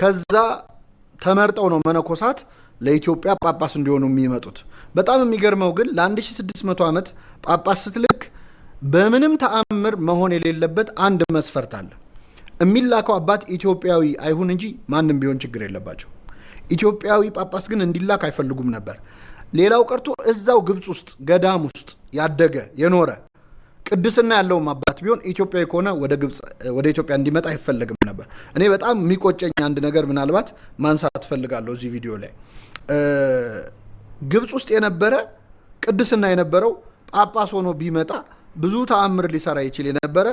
ከዛ ተመርጠው ነው መነኮሳት ለኢትዮጵያ ጳጳስ እንዲሆኑ የሚመጡት። በጣም የሚገርመው ግን ለ1600 ዓመት ጳጳስ ስትልክ በምንም ተአምር መሆን የሌለበት አንድ መስፈርት አለ። የሚላከው አባት ኢትዮጵያዊ አይሁን እንጂ ማንም ቢሆን ችግር የለባቸው። ኢትዮጵያዊ ጳጳስ ግን እንዲላክ አይፈልጉም ነበር። ሌላው ቀርቶ እዛው ግብፅ ውስጥ ገዳም ውስጥ ያደገ የኖረ ቅድስና ያለውም አባት ቢሆን ኢትዮጵያዊ ከሆነ ወደ ግብፅ ወደ ኢትዮጵያ እንዲመጣ አይፈለግም ነበር። እኔ በጣም የሚቆጨኝ አንድ ነገር ምናልባት ማንሳት እፈልጋለሁ እዚህ ቪዲዮ ላይ ግብፅ ውስጥ የነበረ ቅድስና የነበረው ጳጳስ ሆኖ ቢመጣ ብዙ ተአምር ሊሰራ ይችል የነበረ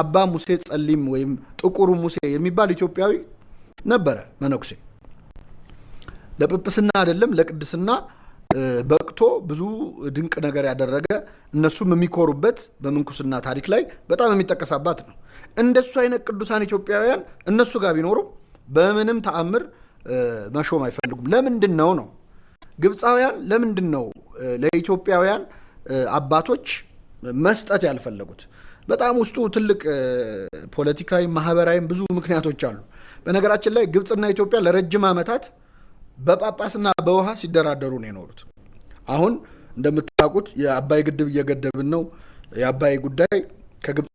አባ ሙሴ ጸሊም ወይም ጥቁሩ ሙሴ የሚባል ኢትዮጵያዊ ነበረ መነኩሴ ለጵጵስና አይደለም ለቅድስና በቅቶ ብዙ ድንቅ ነገር ያደረገ እነሱም የሚኮሩበት በምንኩስና ታሪክ ላይ በጣም የሚጠቀሳባት ነው። እንደሱ አይነት ቅዱሳን ኢትዮጵያውያን እነሱ ጋር ቢኖሩም በምንም ተአምር መሾም አይፈልጉም። ለምንድን ነው ነው ግብፃውያን ለምንድን ነው ለኢትዮጵያውያን አባቶች መስጠት ያልፈለጉት? በጣም ውስጡ ትልቅ ፖለቲካዊ፣ ማህበራዊም ብዙ ምክንያቶች አሉ። በነገራችን ላይ ግብፅና ኢትዮጵያ ለረጅም ዓመታት በጳጳስና በውሃ ሲደራደሩ ነው የኖሩት። አሁን እንደምታውቁት የአባይ ግድብ እየገደብን ነው። የአባይ ጉዳይ ከግብፅ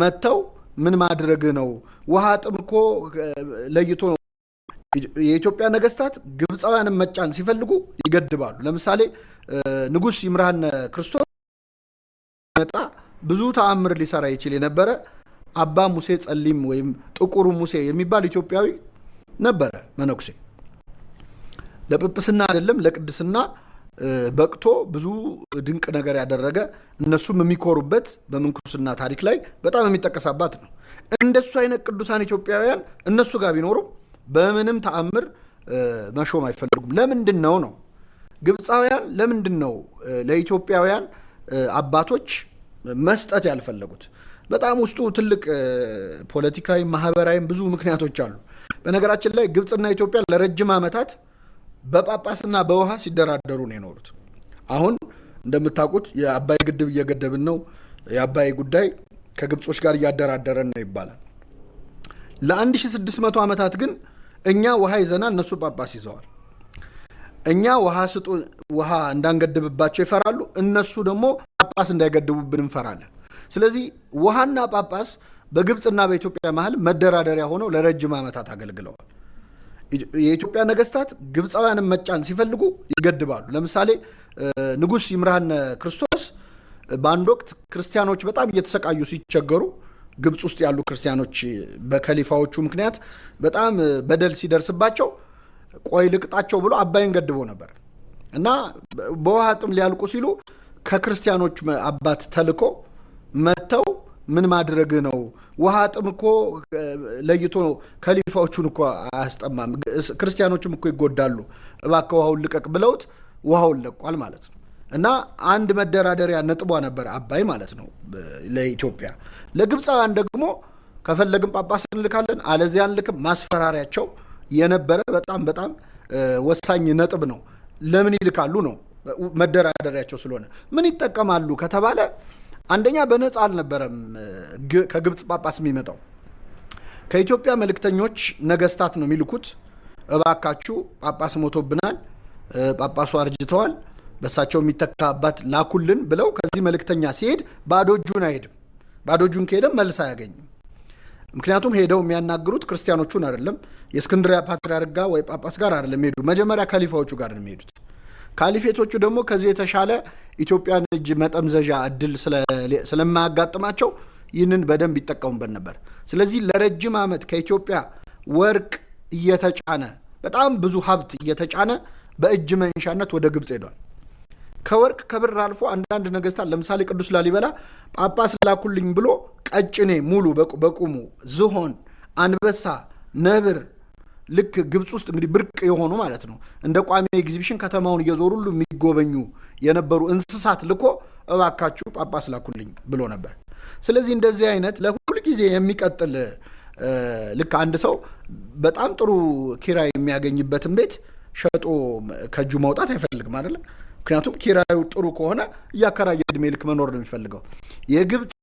መጥተው ምን ማድረግ ነው? ውሃ ጥም እኮ ለይቶ ነው። የኢትዮጵያ ነገስታት ግብፃውያንን መጫን ሲፈልጉ ይገድባሉ። ለምሳሌ ንጉስ ይምርሃነ ክርስቶስ መጣ ብዙ ተአምር ሊሰራ ይችል የነበረ አባ ሙሴ ጸሊም ወይም ጥቁሩ ሙሴ የሚባል ኢትዮጵያዊ ነበረ መነኩሴ ለጵጵስና አይደለም ለቅድስና በቅቶ ብዙ ድንቅ ነገር ያደረገ እነሱም የሚኮሩበት በምንኩስና ታሪክ ላይ በጣም የሚጠቀሳባት ነው። እንደሱ አይነት ቅዱሳን ኢትዮጵያውያን እነሱ ጋር ቢኖሩም በምንም ተአምር መሾም አይፈልጉም። ለምንድን ነው ነው ግብፃውያን ለምንድን ነው ለኢትዮጵያውያን አባቶች መስጠት ያልፈለጉት? በጣም ውስጡ ትልቅ ፖለቲካዊ፣ ማህበራዊም ብዙ ምክንያቶች አሉ። በነገራችን ላይ ግብፅና ኢትዮጵያ ለረጅም ዓመታት በጳጳስና በውሃ ሲደራደሩ ነው የኖሩት። አሁን እንደምታውቁት የአባይ ግድብ እየገደብን ነው፣ የአባይ ጉዳይ ከግብጾች ጋር እያደራደረን ነው ይባላል። ለ1600 ዓመታት ግን እኛ ውሃ ይዘና እነሱ ጳጳስ ይዘዋል። እኛ ውሃ ስጡ፣ ውሃ እንዳንገድብባቸው ይፈራሉ፣ እነሱ ደግሞ ጳጳስ እንዳይገድቡብን እንፈራለን። ስለዚህ ውሃና ጳጳስ በግብፅና በኢትዮጵያ መሀል መደራደሪያ ሆነው ለረጅም ዓመታት አገልግለዋል። የኢትዮጵያ ነገስታት ግብፃውያንን መጫን ሲፈልጉ ይገድባሉ። ለምሳሌ ንጉስ ይምርሃነ ክርስቶስ በአንድ ወቅት ክርስቲያኖች በጣም እየተሰቃዩ ሲቸገሩ ግብፅ ውስጥ ያሉ ክርስቲያኖች በከሊፋዎቹ ምክንያት በጣም በደል ሲደርስባቸው ቆይ ልቅጣቸው ብሎ አባይን ገድቦ ነበር እና በውሃ ጥም ሊያልቁ ሲሉ ከክርስቲያኖች አባት ተልኮ መጥተው ምን ማድረግ ነው? ውሃ ጥም እኮ ለይቶ ከሊፋዎቹን እኮ አያስጠማም። ክርስቲያኖችም እኮ ይጎዳሉ። እባክህ ውሃውን ልቀቅ ብለውት ውሃውን ለቋል ማለት ነው። እና አንድ መደራደሪያ ነጥቧ ነበር አባይ ማለት ነው ለኢትዮጵያ። ለግብፃውያን ደግሞ ከፈለግን ጳጳስ እንልካለን አለዚያ እንልክም ማስፈራሪያቸው የነበረ በጣም በጣም ወሳኝ ነጥብ ነው። ለምን ይልካሉ ነው መደራደሪያቸው ስለሆነ ምን ይጠቀማሉ ከተባለ አንደኛ በነፃ አልነበረም ከግብፅ ጳጳስ የሚመጣው ከኢትዮጵያ መልእክተኞች ነገስታት ነው የሚልኩት። እባካችሁ ጳጳስ ሞቶብናል፣ ጳጳሱ አርጅተዋል፣ በሳቸው የሚተካባት ላኩልን ብለው ከዚህ መልእክተኛ ሲሄድ ባዶ እጁን አይሄድም። ባዶ እጁን ከሄደም መልስ አያገኝም። ምክንያቱም ሄደው የሚያናግሩት ክርስቲያኖቹን አይደለም፣ የእስክንድሪያ ፓትርያርክ ጋር ወይ ጳጳስ ጋር አይደለም ሄዱ፣ መጀመሪያ ከሊፋዎቹ ጋር ነው የሚሄዱት። ካሊፌቶቹ ደግሞ ከዚህ የተሻለ ኢትዮጵያን እጅ መጠምዘዣ እድል ስለማያጋጥማቸው ይህንን በደንብ ይጠቀሙበት ነበር። ስለዚህ ለረጅም ዓመት ከኢትዮጵያ ወርቅ እየተጫነ በጣም ብዙ ሀብት እየተጫነ በእጅ መንሻነት ወደ ግብፅ ሄዷል። ከወርቅ ከብር አልፎ አንዳንድ ነገስታት ለምሳሌ ቅዱስ ላሊበላ ጳጳስ ላኩልኝ ብሎ ቀጭኔ ሙሉ በቁሙ ዝሆን፣ አንበሳ፣ ነብር ልክ ግብፅ ውስጥ እንግዲህ ብርቅ የሆኑ ማለት ነው እንደ ቋሚ ኤግዚቢሽን ከተማውን እየዞሩ ሁሉ የሚጎበኙ የነበሩ እንስሳት ልኮ እባካችሁ ጳጳስ ላኩልኝ ብሎ ነበር። ስለዚህ እንደዚህ አይነት ለሁል ጊዜ የሚቀጥል ልክ አንድ ሰው በጣም ጥሩ ኪራይ የሚያገኝበትን ቤት ሸጦ ከእጁ መውጣት አይፈልግም አይደለም። ምክንያቱም ኪራዩ ጥሩ ከሆነ እያከራየ እድሜ ልክ መኖር ነው የሚፈልገው። የግብፅ